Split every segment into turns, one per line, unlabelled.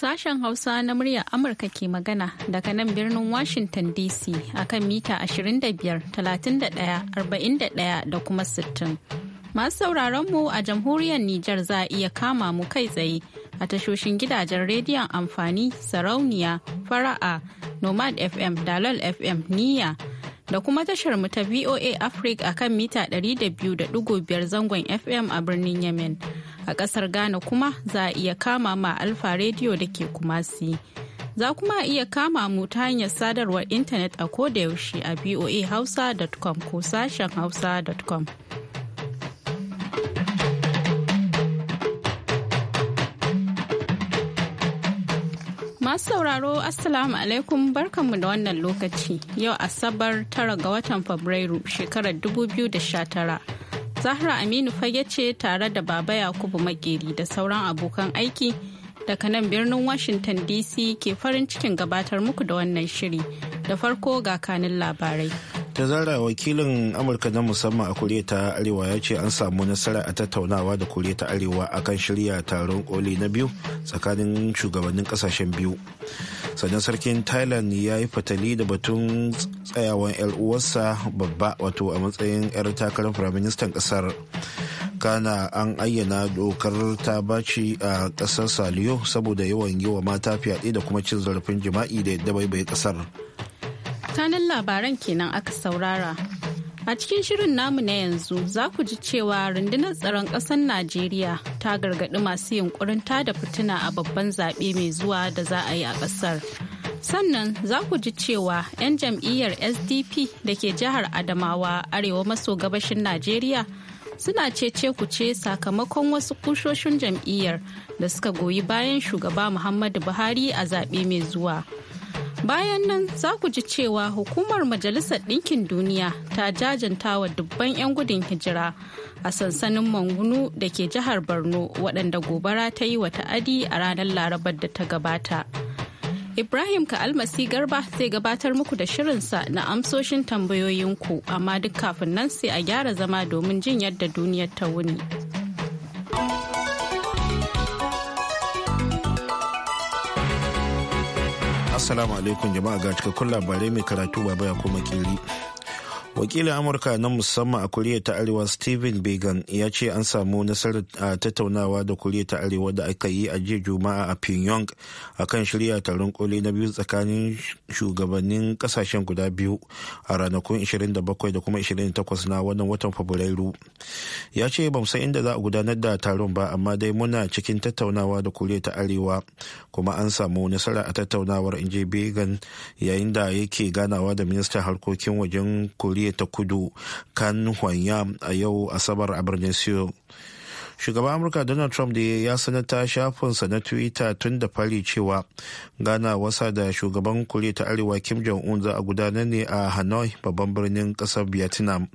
Sashen Hausa na muryar Amurka ke magana daga nan birnin Washington DC akan mita 25, 31, 41 da kuma 60. Masu sauraron mu a jamhuriyar Nijar za a iya kama mu kai tsaye a tashoshin gidajen rediyon amfani sarauniya fara'a nomad fm dalol fm niya da kuma tashar mu ta VOA Africa akan mita 200.5 zangon FM a birnin Yemen. A ƙasar Ghana kuma za a iya kama ma Alfa Radio da ke Kumasi. Za kuma iya kama mu ta hanyar sadarwar intanet a kodayaushe a voa voahausa.com ko sashen hausa.com. Masu sauraro Assalamu alaikum barkanmu da wannan lokaci yau Asabar tara ga watan Fabrairu shekarar 2019. Zahra Aminu fage ce tare da Baba Yakubu Makeri da sauran abokan aiki daga nan birnin Washington DC ke farin cikin gabatar muku da wannan shiri da farko ga kanin labarai.
ta tazara wakilin amurka na musamman a koriya ta arewa ya ce an samu nasara a tattaunawa da koriya ta arewa akan shirya taron koli na biyu tsakanin shugabannin kasashen biyu sannan sarkin thailand ya yi fatali da batun tsayawan 'yar uwarsa babba wato a matsayin 'yar takarar firaministan kasar kana an ayyana dokar ta baci a kasar saliyo saboda yawan yi wa mata fyaɗe da kuma cin zarafin jima'i da yadda bai kasar
kanan labaran kenan aka saurara. A cikin shirin namu na yanzu za ku ji cewa rundunar tsaron ƙasar Najeriya ta gargaɗi masu yunkurin da fitina a babban zaɓe mai zuwa da za a yi a ƙasar. Sannan za ku ji cewa 'yan jam'iyyar SDP da ke jihar Adamawa arewa maso gabashin Najeriya suna cece ku ce sakamakon wasu kushoshin jam'iyyar da suka goyi bayan shugaba Muhammadu Buhari a zaɓe mai zuwa. Bayan nan za ku ji cewa hukumar Majalisar Ɗinkin Duniya ta jajanta wa dubban 'yan gudun hijira a sansanin Mangunu da ke jihar Borno waɗanda gobara ta yi wa ta'adi a ranar Larabar da ta gabata. Ibrahim ka Almasi Garba zai gabatar muku da shirinsa na amsoshin tambayoyinku amma duk kafin nan sai a gyara zama domin jin yadda duniyar ta wuni.
Assalamu alaikum jama'a ga cikakkun labarai mai karatu baba ya kuma kiri. wakilin amurka na musamman a kuriya ta arewa steven began ya ce an samu nasarar tattaunawa da kuriya ta arewa da aka yi a jiya juma'a a pyongyang akan shirya taron koli na biyu tsakanin shugabannin kasashen guda biyu a ranakun 27 da kuma 28 na wannan watan fabrairu ya ce ba san inda za a gudanar da taron ba amma dai muna cikin tattaunawa da kuriya ta arewa kuma an samu nasara a tattaunawar in inji began yayin da yake ganawa da ministan harkokin wajen kuriya koriya ta kudu kan hwanyam a yau asabar a birnin seoul shugaban amurka donald trump da ya sanar ta shafinsa na twitter tun da fari cewa gana wasa da shugaban koriya ta arewa kim jong-un za a gudanar ne a hanoi babban birnin kasar vietnam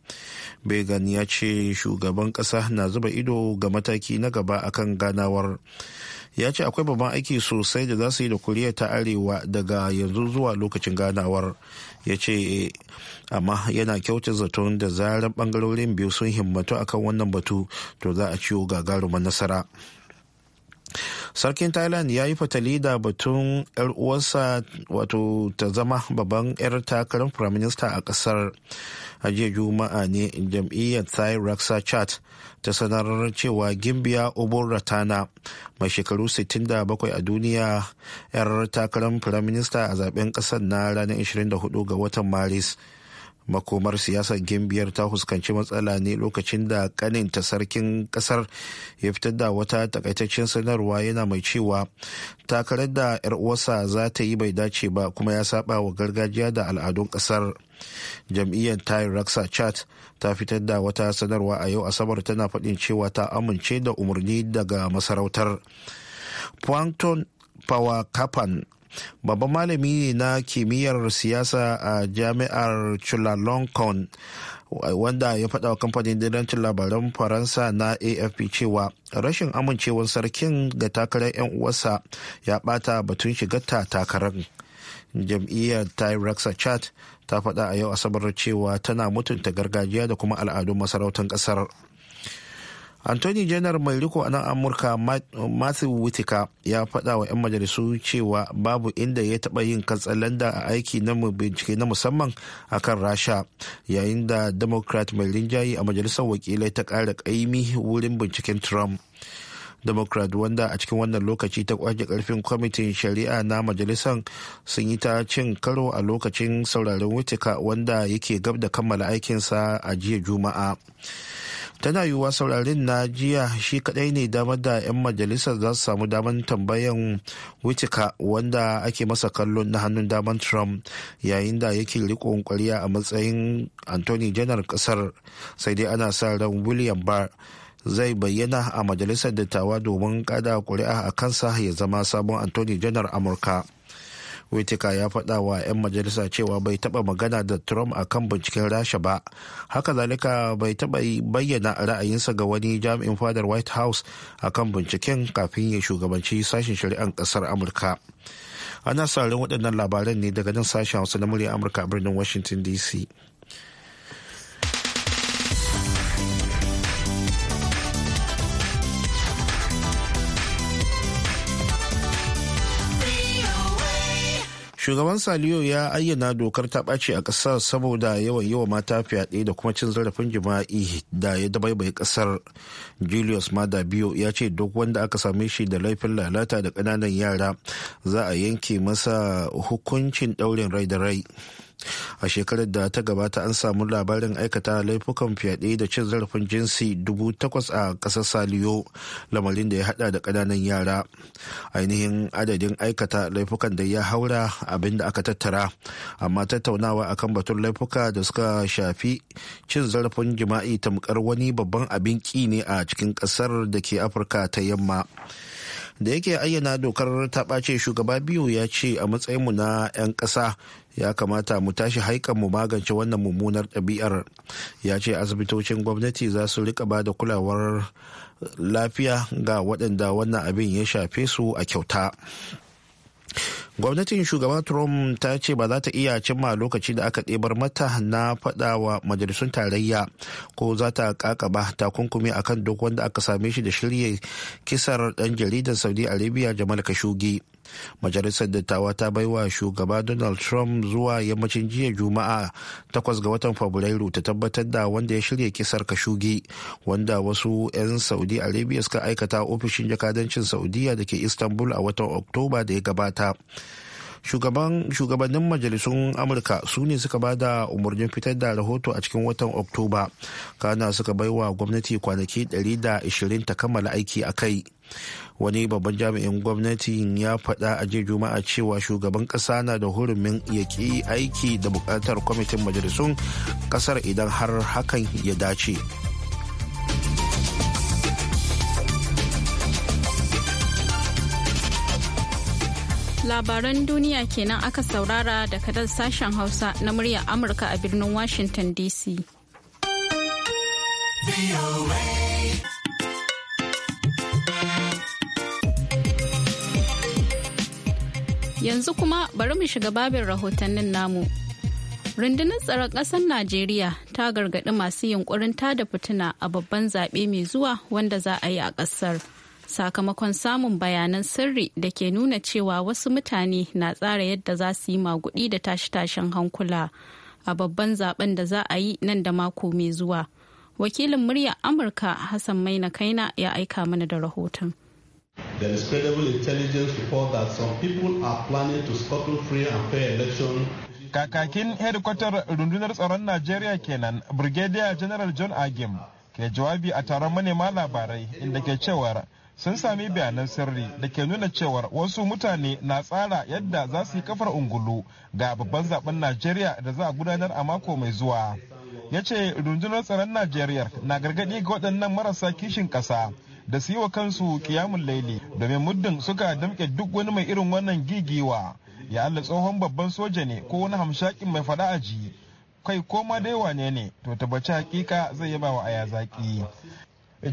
began ya ce shugaban kasa na zuba ido ga mataki na gaba akan ganawar ya ce akwai babban aiki sosai da za su yi da koriya ta arewa daga yanzu zuwa lokacin ganawar ya ce amma yana kyauta zaton da zarar bangarorin biyu sun himmatu akan wannan batu to za a ciwo gagarumar nasara. sarkin thailand ya yi fatali da batun 'yar uwarsa wato ta zama babban 'yar takarar minister a kasar a jiya juma'a ne jam'iyyar thai raksa chat ta sanar cewa gimbiya obon ratana mai shekaru 67 a duniya 'yar takarar minister a zaben kasar na ranar 24 ga watan maris makomar siyasar gimbiyar ta fuskanci matsala ne lokacin da kanin ta sarkin kasar ya fitar da wata takaitaccen sanarwa yana mai cewa takarar da 'yar uwarsa za ta yi bai dace ba kuma ya saba wa gargajiya da al'adun kasar jam'iyyar tayin raksa chat ta fitar da wata sanarwa a yau asabar tana faɗin cewa ta amince da umarni daga masarautar plankton kapan babban malami ne na kimiyyar siyasa a jami'ar chulalongkorn wanda ya faɗa wa kamfanin dillancin labaran faransa na afp cewa rashin amincewar sarkin ga takarar 'yan uwarsa ya ɓata batun shigarta takarar jam'iyyar tyrexa chat ta faɗa a yau asabar cewa tana mutunta gargajiya da kuma al'adun masarautar ƙasar. anthony janar mai riko a nan amurka matthew whitaker ya faɗa wa 'yan majalisu cewa babu inda ya taɓa yin katsalanda a aiki na bincike na musamman a kan rasha yayin da democrat mai rinjaye a majalisar wakilai ta ƙara ƙaimi wurin binciken trump democrat wanda a cikin wannan lokaci ta kwaje karfin kwamitin shari'a na majalisar sun yi ta cin karo a lokacin sauraron wutuka wanda yake gab da kammala aikinsa a jiya juma'a tana yiwuwa sauraren na jiya shi kadai ne damar da 'yan majalisar za su samu damar tambayan witika wanda ake masa kallon na hannun damar trump yayin da yake rikon kwariya a matsayin anthony janar kasar sai dai ana sa ran william barr zai bayyana a majalisar dattawa domin kada kuri'a a kansa ya zama sabon anthony janar amurka Whitaker ya faɗa wa 'yan majalisa cewa bai taɓa magana da Trump a kan binciken Rasha ba. Haka zalika bai taɓa bayyana ra'ayinsa ga wani jami'in fadar White House a kan binciken kafin ya shugabanci sashen shari'ar ƙasar Amurka. Ana sauran waɗannan labaran ne daga nan sashen Hausa na murya Amurka a birnin Washington DC. shugaban saliyo ya ayyana dokar ta ɓaci a ƙasar saboda yawan yawa mata fyaɗe da kuma cin zarafin jima'i da ya dabaibaye ƙasar julius biyo ya ce duk wanda aka same shi da laifin lalata da ƙananan yara za a yanke masa hukuncin ɗaurin rai da rai a shekarar da ta gabata an samu labarin aikata laifukan fyaɗe da cin zarafin jinsi dubu takwas a ƙasar saliyo lamarin da ya hada da ƙananan yara ainihin adadin aikata laifukan da ya haura abinda aka tattara amma tattaunawa a kan batun laifuka da suka shafi cin zarafin jima'i tamkar wani babban abin ƙi ne a cikin ƙasar da ke afirka ta yamma da yake ayyana dokar ta ɓace shugaba biyu ya ce a matsayinmu na 'yan ƙasa ya kamata mu tashi haikan mu magance wannan mummunar ɗabi'ar ya ce asibitocin gwamnati za su rika ba da kulawar lafiya ga waɗanda wannan abin ya shafe su a kyauta gwamnatin shugaban trump ta ce ba za ta iya cimma lokaci da aka ɗebar mata na faɗa wa majalisun tarayya ko za ta kakaba takunkumi akan duk wanda aka same shi da shirya kisar ɗan jaridar saudi arabia jamal kashugi. majalisar dattawa ta baiwa shugaba donald trump zuwa yammacin jiya juma'a takwas ga watan fabrairu ta tabbatar da wanda ya shirya kisar kashugi wanda wasu 'yan saudi arabia suka aikata ofishin jakadancin saudiya da ke istanbul a watan oktoba da ya gabata shugabannin majalisun amurka su ne suka ba da umarnin fitar da rahoto a cikin watan oktoba kana suka baiwa gwamnati kwanaki 120 ta kammala aiki a kai wani babban jami'in gwamnati ya faɗa a jiya juma'a cewa shugaban ƙasa na da hurumin ya ƙi aiki da buƙatar kwamitin majalisun ƙasar idan har hakan ya dace
labaran duniya kenan aka saurara da kadar sashen hausa na muryar amurka a birnin washington dc Yanzu kuma bari mu shiga babin rahotannin namu. Rundunar tsaron ƙasar Najeriya ta gargaɗi masu yunkurin tada fitina a babban zaɓe mai zuwa wanda za a yi a ƙasar. Sakamakon samun bayanan sirri da ke nuna cewa wasu mutane na tsara yadda za su yi maguɗi da tashi-tashin hankula a babban zaɓen da za a yi nan da mako mai zuwa. Wakilin Murya Amurka Hassan Maina Kaina ya aika mana da rahoton.
There is credible intelligence report that some people are planning to scuttle free and fair election. Kakakin
hedikwatar rundunar tsaron Najeriya kenan, Brigadier General John Agim, ke jawabi a taron manema labarai inda ke cewar sun sami bayanan sirri da ke nuna cewar wasu mutane na tsara yadda za su yi kafar ungulu ga babban zaben Najeriya da za a gudanar a mako mai zuwa. Ya ce rundunar tsaron Najeriya na gargadi ga waɗannan marasa kishin ƙasa da su yi wa kansu kiyamun laili domin muddin suka damke duk wani mai irin wannan gigiwa ya Allah tsohon babban soja ne ko wani hamshakin mai fada a ji kai koma dai wane ne to tabbaci hakika zai yaba wa aya zaki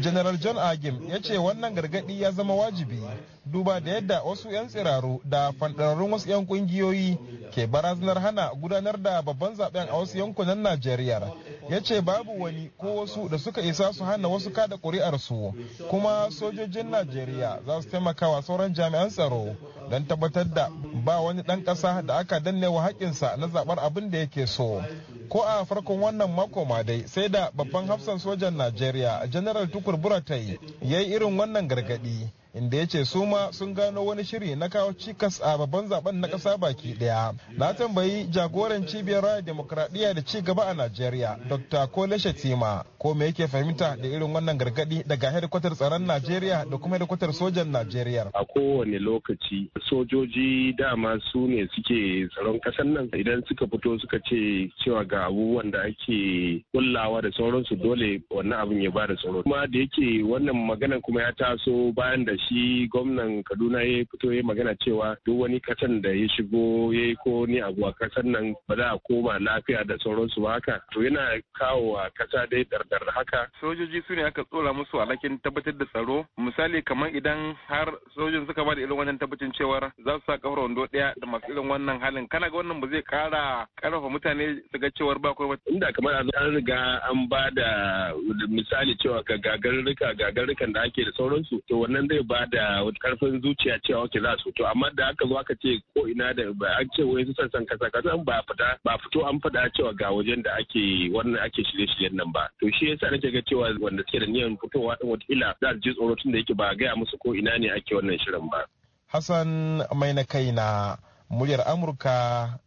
general john agim ya ce wannan gargadi ya zama wajibi duba da yadda wasu 'yan tsiraru da fandararrun wasu 'yan kungiyoyi ke barazanar hana gudanar da babban zaben a wasu yankunan najeriya ya ce babu wani ko wasu da suka isa su hana wasu kada ƙuri'arsu kuma sojojin najeriya za su taimakawa sauran jami'an tsaro don tabbatar da ba wani ɗan ƙasa da aka danne wa haƙƙinsa na zaɓar abin da yake so ko a farkon wannan mako ma dai sai da babban hafsan sojan najeriya general tukur buratai ya yi irin wannan gargaɗi inda ya ce su ma sun gano wani shiri na kawo cikas a babban zaben na ƙasa baki ɗaya. Na tambayi jagoran cibiyar raya demokradiyya da ci gaba a Najeriya, Dr. Kole Tima. ko me yake fahimta da irin wannan gargaɗi daga hedikwatar tsaron Najeriya da kuma hedikwatar sojan Najeriya.
A kowane
lokaci sojoji dama su ne suke tsaron ƙasar nan idan suka fito suka ce cewa ga abubuwan da ake kullawa da sauransu dole wannan abin ya ba da tsaro. Kuma da yake wannan maganan kuma ya taso bayan da shi gwamnan kaduna ya fito ya magana cewa duk wani kasan da ya shigo ya yi ko ni abu a kasan nan ba za a koma lafiya da sauransu ba haka to yana kawo a kasa dai dardar haka sojoji su ne aka tsora musu alhakin tabbatar da tsaro misali kamar idan har sojin suka ba irin wannan tabbacin cewar za su sa kafar wando daya da masu irin wannan halin kana ga wannan ba zai kara karfafa mutane su ga cewar ba kuma inda kamar an riga an ba da misali cewa ga gagarurruka gagarurrukan da ake da sauransu to wannan zai ba da karfin zuciya cewa wake za su to amma da aka zo aka ce ko ina da an ce wai su sassan kasa kasa ba fita ba fito an fada cewa ga wajen da ake wannan ake shirye-shiryen nan ba to shi yasa nake ga cewa wanda suke da niyyar fitowa din ila za su ji tsoro tun da yake ba gaya musu ko ina ne ake wannan shirin ba. Hassan mai na kai na muryar Amurka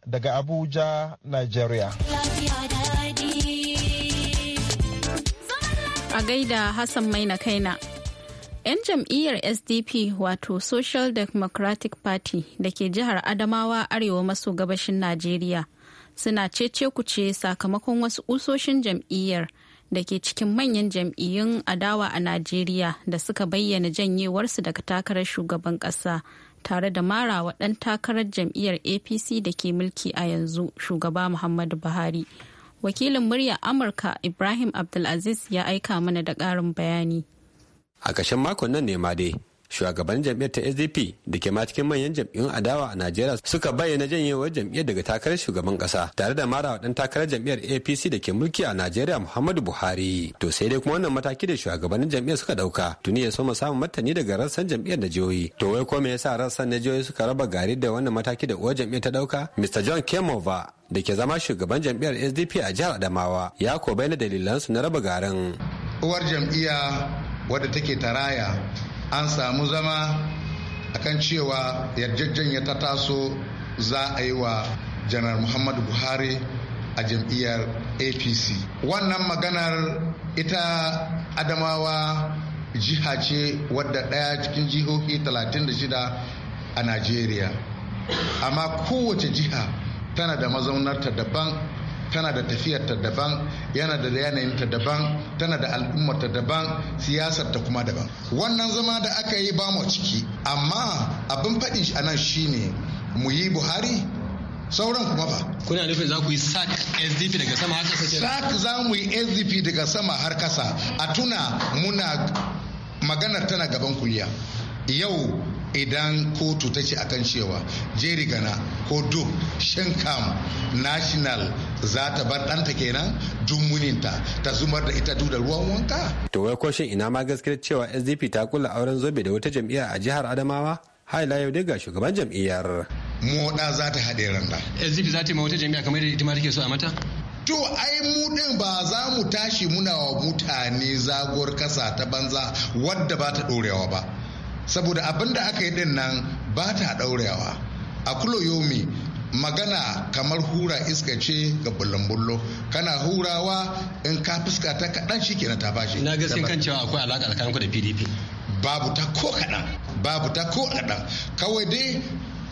daga Abuja, Nigeria.
A gaida Hassan mai na kaina. 'Yan jam'iyyar SDP wato Social Democratic Party da ke jihar Adamawa Arewa maso gabashin Najeriya suna cece kuce sakamakon wasu usoshin jam'iyyar da ke cikin manyan jam'iyyun adawa a Najeriya da suka bayyana janyewarsu daga takarar shugaban kasa tare da marawa ɗan takarar jam'iyyar APC da ke mulki a yanzu shugaba Muhammadu Buhari. Wakilin murya Amurka Ibrahim Abdulaziz ya aika mana da ƙarin bayani.
a ƙarshen makon nan ne ma dai shugaban jam'iyyar ta sdp da ke ma cikin manyan jam'iyyun adawa a najeriya suka bayyana janyewar jam'iyyar daga takarar shugaban kasa tare da mara dan takarar jam'iyyar apc da ke mulki a najeriya muhammadu buhari to sai dai kuma wannan mataki da shugabannin jam'iyyar suka ɗauka, tuni ya soma samun martani daga rassan jam'iyyar da jihohi to wai ko me yasa rassan na jihohi suka raba gari da wannan mataki da uwar jam'iyyar ta dauka mr john kemova da ke zama shugaban jam'iyyar sdp a jihar adamawa ya ko bayyana dalilansu na raba garin uwar jam'iyya wadda take taraya an samu zama akan cewa
yarjejjen ta taso za a yi wa janar muhammadu buhari a jam'iyyar apc wannan maganar ita adamawa jiha ce wadda ɗaya cikin jihohi 36 a najeriya amma kowace jiha tana da mazaunarta daban tana da tafiyar ta daban yana da yanayin ta daban tana da al'ummar ta daban siyasar ta kuma daban wannan zama da aka yi bamu ciki amma abin faɗin shi anan shine mu yi buhari sauran kuma ba.
kuna nufin za ku yi sac sdp daga sama har kasa sac
za mu yi sdp daga sama har kasa a tuna muna maganar tana gaban kuliya yau idan kotu ta ce akan cewa jeri gana ko duk shinkam national
za ta bar ɗanta kenan dumuninta ta zumar da ita da ruwan wanka. to wai koshin ina ma gaskiyar cewa sdp ta kula auren zobe da wata jam'iyya a jihar adamawa haila yau dai ga shugaban jam'iyyar. moda za ta haɗe randa. sdp za ta yi wata jam'iyya kamar da ita ma take so a mata.
To ai mu ɗin ba za mu tashi muna wa mutane zagor kasa ta banza wadda ba ta ɗorewa ba. saboda abin da aka yi din nan ba ta daurewa a kuloyomi magana kamar hura iska ce ga bullambullo kana hurawa in ka fuska ta kaɗan shi kenan ta bashi na gaske kan cewa akwai alaƙa tsakanin ku da pdp babu ta ko kaɗan babu ta ko kaɗan kawai dai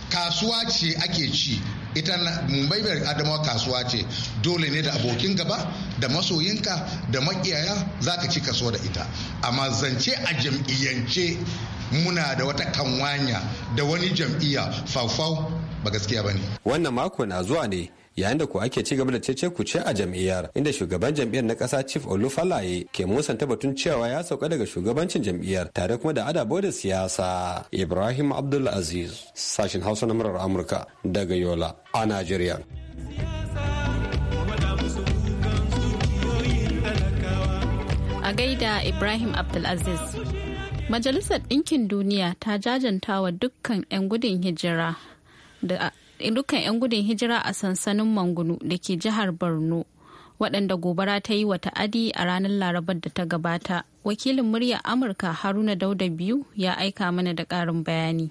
kasuwa ce ake ci ita mumbai adamawa kasuwa ce dole ne da abokin gaba da masoyinka da makiyaya za ka ci kaso da ita amma zance a jam'iyyance muna da wata kanwanya da wani
jam'iyya faufau ba gaskiya ba ne. Wannan mako na zuwa ne yayin da ko ake ci gaba da cece ku ce a jam'iyyar inda shugaban jam'iyyar na ƙasa chief olufalaye ke musanta batun cewa ya sauka daga shugabancin jam'iyyar tare kuma da adabo da siyasa ibrahim abdul aziz sashen hausa na murar amurka daga yola a najeriya
a gaida ibrahim abdulaziz Majalisar Ɗinkin Duniya ta jajantawa dukkan 'yan gudun hijira da dukkan 'yan gudun hijira a sansanin Mangunu da ke jihar Borno waɗanda gobara ta yi wa ta'adi a ranar larabar da ta gabata. Wakilin muryar Amurka Haruna Dauda biyu ya aika mana da ƙarin bayani.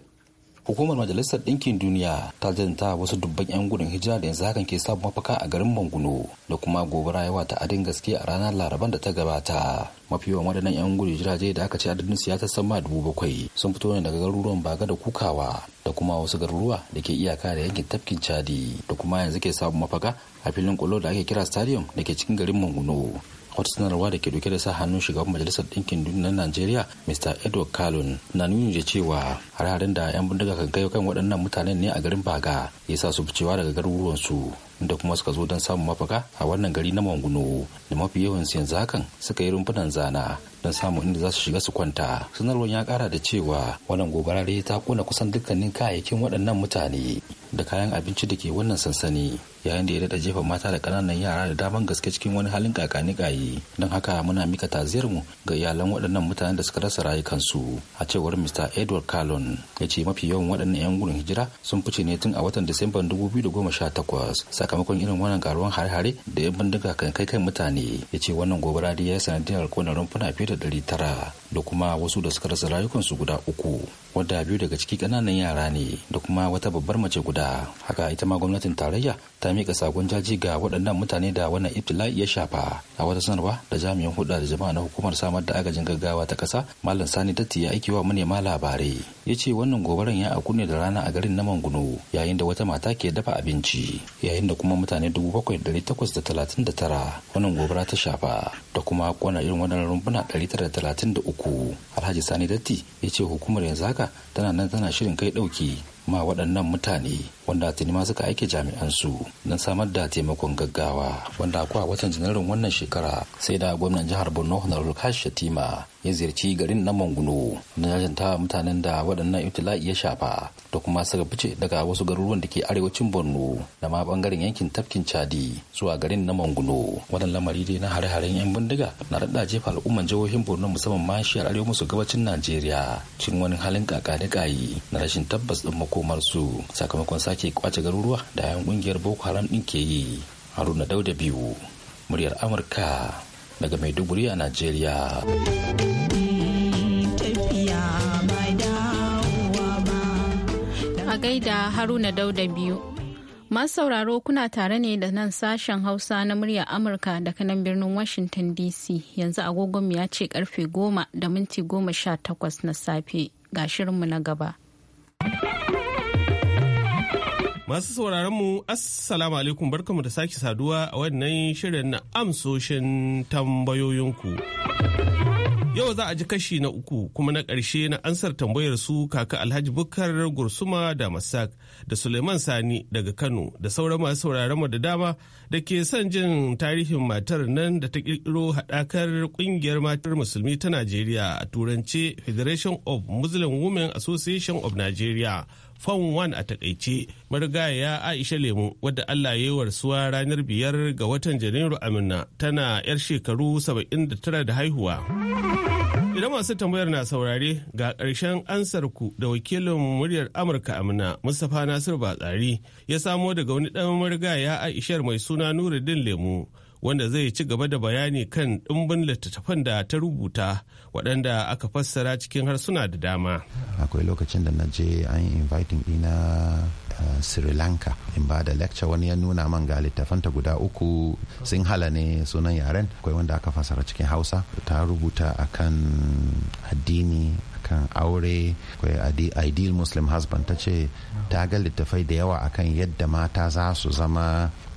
hukumar
majalisar ɗinkin duniya ta janta wasu dubban 'yan gudun hijira da yanzu hakan ke samun mafaka a garin manguno da kuma gobara yawa ta adin gaske a ranar laraban da ta gabata mafi yawan waɗannan 'yan gudun jirage da aka ce adadin su ya sama dubu bakwai sun fito ne daga garuruwan baga da kukawa da kuma wasu garuruwa da ke iyaka da yankin tafkin chadi da kuma yanzu ke samun mafaka a filin kwallo da ake kira stadium da ke cikin garin manguno wata sanarwa da ke dauke da sa hannun shugaban majalisar ɗinkin duniya na najeriya mr edward kalun na nuni da cewa har-harin da 'yan bindiga kan kai kan waɗannan mutanen ne a garin baga ya sa su ficewa daga garuruwansu da kuma suka zo don samun mafaka a wannan gari na manguno da mafi yawan yanzu hakan suka yi rumfunan zana don samun inda za su shiga su kwanta sanarwar ya kara da cewa wannan gobara dai ta kona kusan dukkanin kayayyakin waɗannan mutane da kayan abinci da ke wannan sansani yayin da ya daɗa jefa mata da ƙananan yara da daman gaske cikin wani halin kakani kayi don haka muna mika mu ga iyalan waɗannan mutanen da suka rasa rayukansu a cewar mr edward carlon ya ce mafi yawan waɗannan 'yan gudun hijira sun fice ne tun a watan disamban 2018 saka sakamakon irin wannan garuwan hare-hare da ya bindiga kan kai kan mutane ya ce wannan gobara da ya sanadiyar kona rumfuna fiye da ɗari tara da kuma wasu da suka rasa rayukansu guda uku wadda biyu daga ciki kananan yara ne da kuma wata babbar mace guda haka ita ma gwamnatin tarayya ta miƙa sakon jaji ga waɗannan mutane da wannan ibtila'i ya shafa a wata sanarwa da jami'in hudu da jama'a na hukumar samar da agajin gaggawa ta ƙasa malam sani datti ya aiki wa manema labarai ya ce wannan gobaran ya aku ne da rana a garin na manguno yayin da wata mata ke dafa abinci yayin da kuma mutane dubu bakwai da takwas da talatin da tara wannan gobara ta shafa da kuma kona irin waɗannan rumbuna 933 alhaji sani datti ya ce hukumar yanzu haka tana nan tana shirin kai ɗauki ma waɗannan mutane wanda tuni ma suka aike su don samar da taimakon gaggawa wanda kuwa watan janairun wannan shekara sai da gwamnan jihar borno na kashi shatima ya ziyarci garin na manguno na jajanta mutanen da waɗannan ibtila'i ya shafa da kuma suka fice daga wasu garuruwan da ke arewacin borno da ma bangaren yankin tafkin chadi zuwa garin na manguno wannan lamari dai na hare-haren yan bindiga na daɗa jefa al'umman jihohin borno musamman ma shiyar arewa musu gabacin najeriya cikin wani halin da kayi na rashin tabbas ɗin su sakamakon sa sake kwace garuruwa da yan kungiyar boko haram din ke yi haruna dauda biyu muryar amurka daga maiduguri a najeriya
a gaida haruna dauda biyu masu sauraro kuna tare ne da nan sashen hausa na muryar amurka daga nan birnin washington dc yanzu agogon ya ce karfe goma da minti goma sha takwas na safe ga shirinmu na gaba.
Masu sauraron mu Assalamu alaikum barkamu da sake saduwa a wannan shirin na amsoshin tambayoyinku. Yau za a ji kashi na uku kuma na ƙarshe na ansar tambayar su kaka Alhaji Bukar Gursuma da Masak da Suleiman Sani daga Kano da sauran masu sauraron mu da dama da ke son jin tarihin matar nan da ta ƙirƙiro haɗakar ƙungiyar matar musulmi ta Najeriya a turance Federation of Muslim Women Association of Nigeria. Fon Wan a takaice marigaya Aisha Lemu wadda Allah ya yi warsuwa ranar biyar ga watan Janairu Amina tana 'yar shekaru 79 da haihuwa. Idan masu tambayar na saurare ga ƙarshen ansar ku da wakilin muryar Amurka Amina Mustapha Nasiru Batsari ya samo daga wani ɗan marigaya Aishar mai suna Nuruddin lemu. wanda zai ci gaba da bayani kan ɗimbin littattafan da ta rubuta waɗanda aka fassara cikin harsuna da dama.
Akwai lokacin da na je an yi inviting ɗina eh, Sri Lanka in ba da lecture wani ya nuna man ga littafanta guda uku sun hala ne sunan yaren akwai wanda aka fassara cikin Hausa ta rubuta akan addini kan aure akwai ideal muslim husband ta ce ta ga littafai da yawa akan yadda mata za su zama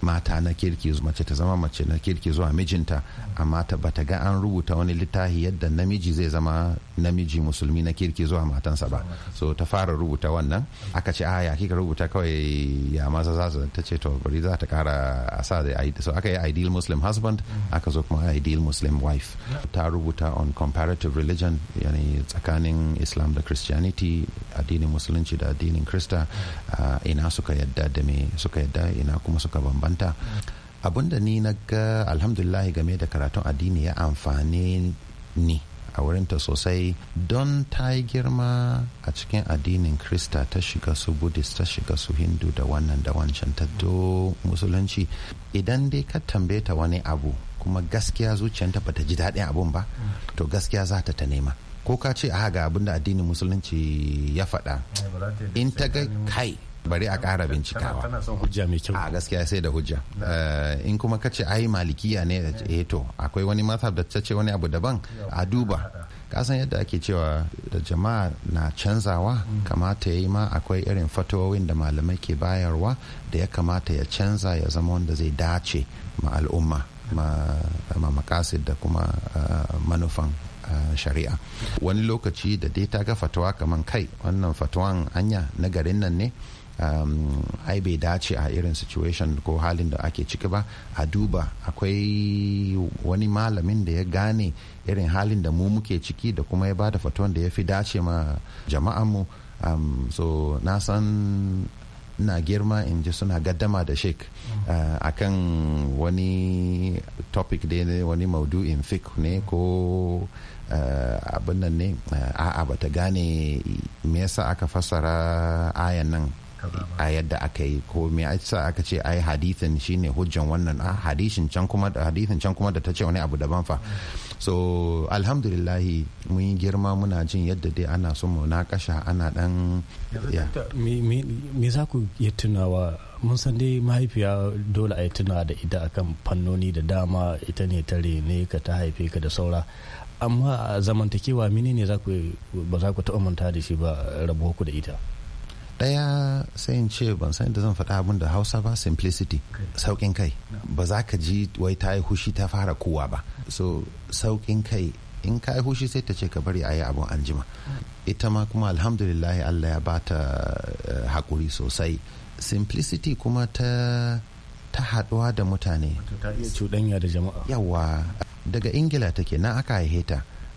mata na kirki mace ta zama mace na kirki zuwa mijinta amma ta bata ga an rubuta wani littafi yadda namiji zai zama namiji musulmi na kirki zuwa matansa ba so ta fara rubuta wannan aka ce aya ah, kika rubuta kawai ya maza za ta ce to bari za ta kara a sa da so aka yi ideal muslim husband aka zo kuma ideal muslim wife ta rubuta on comparative religion yani tsakanin islam da christianity addinin musulunci da addinin krista ah, ina suka yadda da me suka yadda ina kuma suka bambanta abinda ni na ga alhamdulillah game da karatun addini ya amfane ni a wurinta sosai don ta yi girma a cikin addinin krista ta shiga su buddhist ta shiga su hindu da wannan da wancan ta do musulunci idan dai ka tambaye ta wani abu kuma gaskiya zuciyanta bata ji daɗin abun ba to gaskiya za ta ta nema ko ka ce a ga abin da addinin musulunci ya faɗa eh, in ta ga kai bari a ƙara bincikawa a gaskiya sai da hujja eh, in kuma ka ce ai malikiya ne eh to akwai wani mazhab da ta ce wani abu daban a duba ka san yadda ake cewa da jama'a na canzawa kamata ya yi ma akwai irin fatowin da malamai ke bayarwa da ya kamata ya canza ya zama wanda zai dace ma al'umma ma makasid da kuma eh, manufan eh, shari'a wani lokaci da dai ta ga fatawa kaman kai wannan fatawan anya na garin nan ne Um, ai bai dace a irin situation ko halin da ake ciki ba a duba akwai wani malamin da ya gane irin halin da mu muke ciki da kuma ya ba da faton da ya fi dace ma jama'anmu um, so na san na girma in ji suna gaddama da sheik uh, kan wani topic ne wani maudu'in fik ne ko uh, abin nan ne uh, a'a bata gane me yasa aka fassara ayan nan a yadda aka yi ko me sa aka ce ai hadithin shine hujjan wannan hadithin can kuma da hadithin can kuma da ta ce wani abu daban fa so alhamdulillahi mun yi girma muna jin yadda dai ana so mu na kasha ana dan
me za ku yi tunawa mun san dai mahaifiya dole a yi tuna da ita akan fannoni da dama ita ne ta rene ka ta haife ka da saura amma a
zamantakewa menene ba za ku taɓa manta
da shi ba rabuwa ku da ita
daya sai in ce ban san da zan faɗa abin da hausa ba simplicity sauƙin kai ba za ka ji wai ta yi hushi ta fara kowa ba so sauƙin kai in ka yi hushi sai ta ce ka bari a yi abin anjima ita ma kuma alhamdulillah allah ya bata eh, haƙuri sosai simplicity kuma ta ta haɗuwa da mutane ta iya da jama'a yawa daga ingila take na aka haihe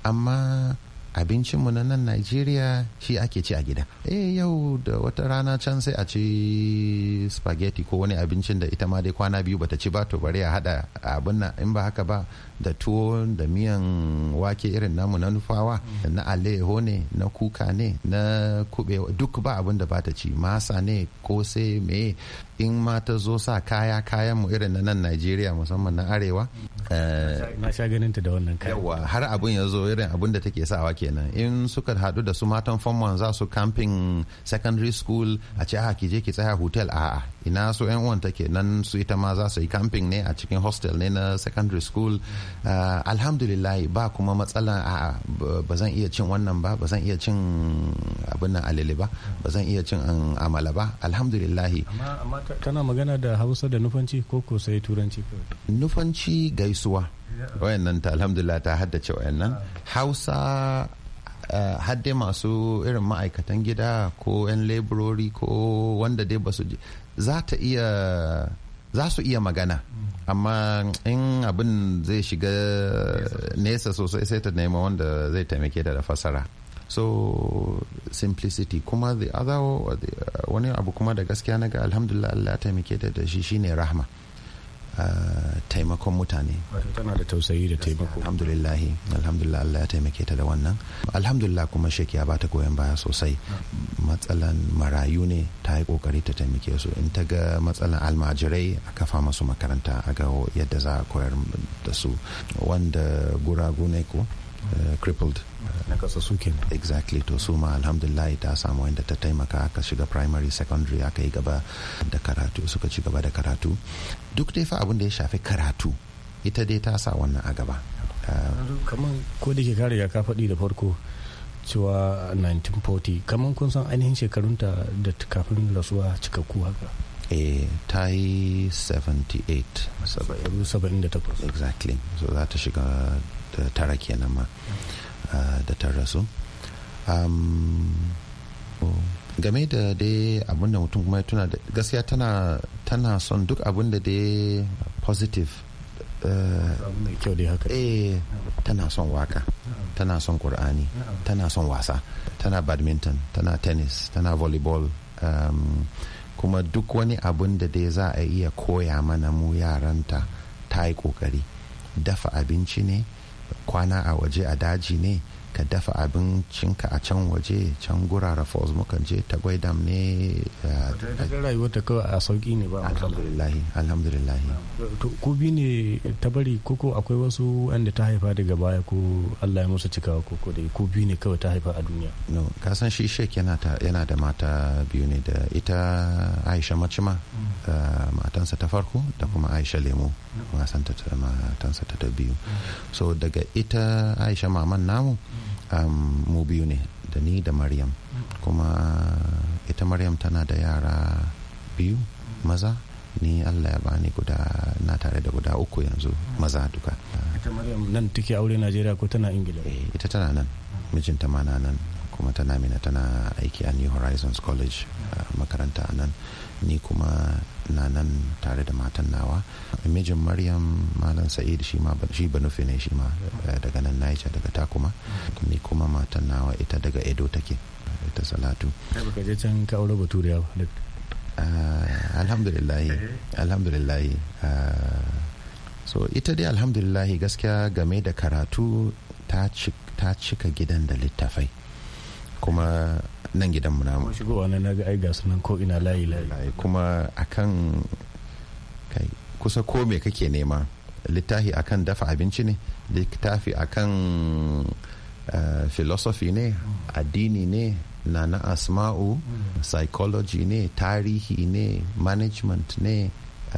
amma abincinmu na nan Najeriya shi ake ci a gida. Eh yau da wata rana can sai a ci spaghetti ko wani abincin da ita ma dai kwana biyu bata ci ba to bari a hada abin nan in ba haka ba da tuwo da miyan wake irin namu na nufawa na aleho ne na kuka ne na kubewa duk ba abin da bata ci masa ne ko sai me in ma ta zo sa kaya kayan mu irin na nan Najeriya musamman na arewa Eh, na sha ganin ta da wannan kayan yawa har abun ya zo irin abun da take sawa kenan in suka hadu da su matan form za su camping secondary school a ce a ki je ki tsaya hotel a. ina su yan uwan take nan su ita ma za su yi camping ne a cikin hostel ne na secondary school uh, alhamdulillah ba kuma matsala a ba zan iya cin wannan ba ba zan iya cin abin nan alele ba ba zan iya cin um, amala ba alhamdulillah
amma kana magana da hausa da nufanci ko ko sai turanci
nufanci gaisuwa nan ta alhamdulillah ta haddace nan ah. hausa Uh, hadde masu irin ma'aikatan gida ko 'yan laborori ko wanda dai ba su za ta iya za su iya magana amma in abin zai shiga nesa sosai sai ta nema wanda zai taimake da fasara so simplicity kuma the other wani abu kuma da gaskiya na ga alhamdulillah Allah ya taimake da shi shine rahma taimakon mutane tana da tausayi da taimako alhamdulillah alhamdulillah Allah ya taimake ta da wannan alhamdulillah kuma shek ya bata goyon baya sosai matsalan marayu ne ta yi kokari ta taimake su in ta ga matsalan almajirai a kafa masu makaranta a ga yadda za a koyar da su wanda guragu ne ko Uh, crippled uh, na kasa suke exactly to suma ma alhamdulillah ta samu wanda ta taimaka aka shiga primary secondary aka yi gaba da karatu suka ci gaba da karatu duk dai fa abin da ya shafi karatu ita dai ta sa wannan a gaba uh, kamar ko da ke kare ya ka faɗi
da farko cewa 1940 kamar kun san ainihin shekarunta da kafin
rasuwa cikakku haka eh ta yi 78 78 exactly so za ta shiga da tara kenan ma ah, da tara su um, game da dai abinda mutum kuma tuna da gaskiya tana tana son duk abinda dai positive eh, eh, tana son waka tana son kur'ani tana son wasa tana badminton tana tennis tana volleyball um, kuma duk wani abun da dai za a iya koya mana mu yaranta ta yi kokari dafa abinci ne kwana a waje a daji ne ka dafa abincinka a can waje can gurara falls mukan je ta gwaidam ne eh,
rayuwa ta kawai a sauki ne ba alhamdulillahi
alhamdulillahi
ku bi ne ta bari koko akwai wasu wanda ta haifa daga baya ko allah ya musu cikawa koko da ku bi ne kawai ta haifa a duniya
no ka san shi shek yana da mata biyu ne da ita aisha macima mm. eh, matansa ta farko da kuma aisha lemu mm. matansa ta biyu mm. so daga ita aisha maman namu mu biyu ne da ni da maryam kuma ita maryam tana da yara biyu maza ni allah ya bani guda na tare da guda uku yanzu maza duka ita maryam nan take aure najeriya ko tana ingila eh, ita tana nan mijinta ma na nan kuma tana mina tana aiki a new horizons college makaranta a nan ni kuma na nan tare da matan nawa mijin maryam malam sa'id shi ma shi ne shi ma eh, daga nan naija daga takuma ni kuma matan nawa ita daga edo take ita salatu
ka je can ka aure baturiya ba
ah, ah. so ita dai alhamdulillahi gaskiya game da karatu ta cika gidan da littafai kuma nan gidan mu namu shigowa na naga ai gasu nan ko ina layi layi kuma akan kai kusa ko me kake nema littafi akan dafa abinci ne littafi akan eh, philosophy ne addini ne na na asma'u mm. psychology ne tarihi ne management ne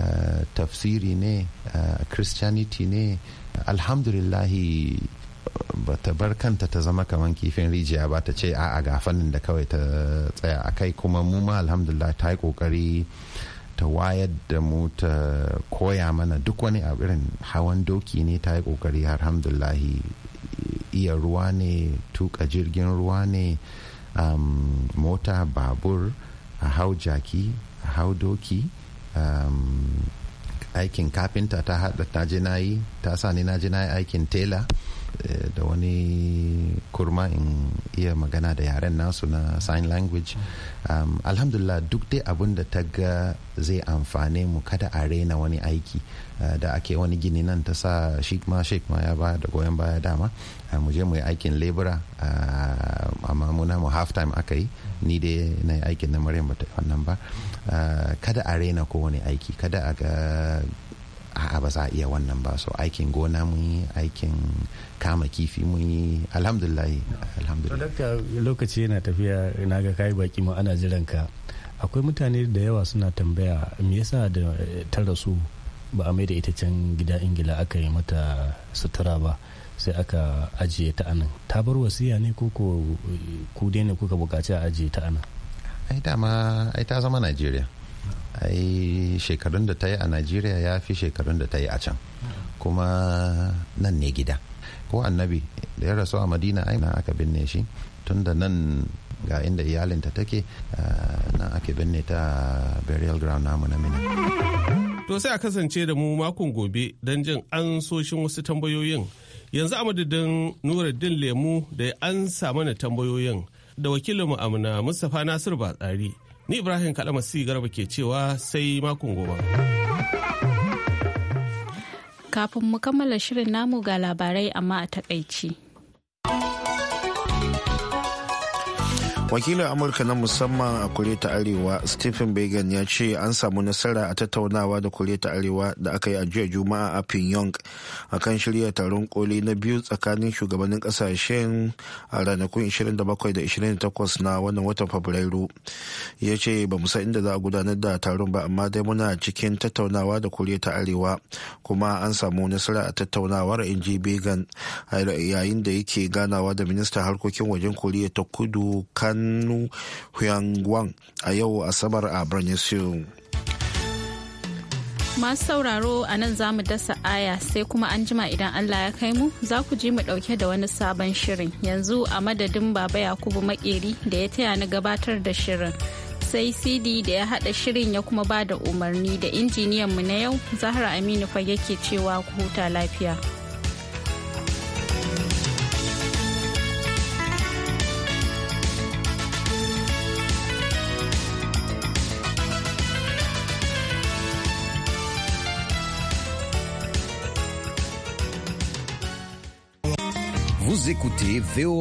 eh, tafsiri ne eh, christianity ne alhamdulillahi ba ta bar kanta ta zama kamar kifin rijiya ba ta ce a'a ga fannin da kawai ta tsaya a kai kuma mu ma alhamdulillah ta yi kokari ta wayar da mu ta koya mana duk wani abirin hawan doki ne ta yi kokari alhamdulahi iya ruwa ne tuka jirgin ruwa ne um, mota babur a hau jaki a hau doki aikin kafinta ta haɗa ta je na yi ta sa na je na yi aikin tela Eh, da wani kurma in iya magana da yaren nasu na sign language um, alhamdulillah duk dai abin da ta ga zai amfane mu kada a raina wani aiki uh, da ake wani gini nan ta sa sheik ma sheik ma ya ba da goyon baya dama uh, mu je mu yi aikin lebura uh, amma muna mu half time aka yi ni dai na yi aikin na maryam ba ta wannan ba kada a raina ko wani aiki kada a ga a'a ba za a iya wannan ba so aikin gona mun yi aikin kama kifi mun yi alhamdulillah alhamdulillah
lokaci yana tafiya na ga kai baki ma ana jiran ka akwai mutane da yawa suna tambaya me yasa da ta rasu ba a mai da ita can gida ingila aka yi mata sutura ba sai aka ajiye ta anan ta bar wasiya ne ko ku ne kuka bukaci a ajiye ta anan
ai ai ta zama najeriya ai shekarun da ta yi a najeriya ya fi shekarun da ta yi a can kuma nan ne gida ko annabi da ya rasu a madina aina aka binne shi tun da nan ga inda iyalinta take nan ake binne ta burial ground namu na mini to sai a kasance da mu makon gobe
don jin ansoshin wasu tambayoyin yanzu a madadin nuruddin lemu da an samu na tambayoyin da wakilinmu amina mustapha nasiru batsari Ni Ibrahim Kalamasi Garba ke cewa sai makon gobe.
Kafin mu kammala shirin namu ga labarai amma a takaici.
wakilin amurka na musamman a koriya ta arewa stephen began ya ce an samu nasara a tattaunawa da koriya ta arewa da aka yi a jiya juma'a a pyongyang a kan shirya taron koli na biyu tsakanin shugabannin kasashen a ranakun 27 da 28 na wannan watan fabrairu ya ce ba mu san inda za a gudanar da taron ba amma dai muna cikin tattaunawa da koriya ta arewa kuma an samu nasara a tattaunawar in ji began yayin da yake ganawa da ministan harkokin wajen koriya ta kudu kanu huyangwan a yau asabar a birnin seoul
Masu sauraro a nan za mu dasa aya sai kuma an jima idan Allah ya kai mu za ku ji mu ɗauke da wani sabon shirin yanzu a madadin Baba Yakubu Makeri da ya taya ni gabatar da shirin. sai cd da ya haɗa shirin ya kuma ba da umarni da injiniyan mu na yau zahra aminu fa yake cewa ku huta lafiya.
Vous écoutez VOA.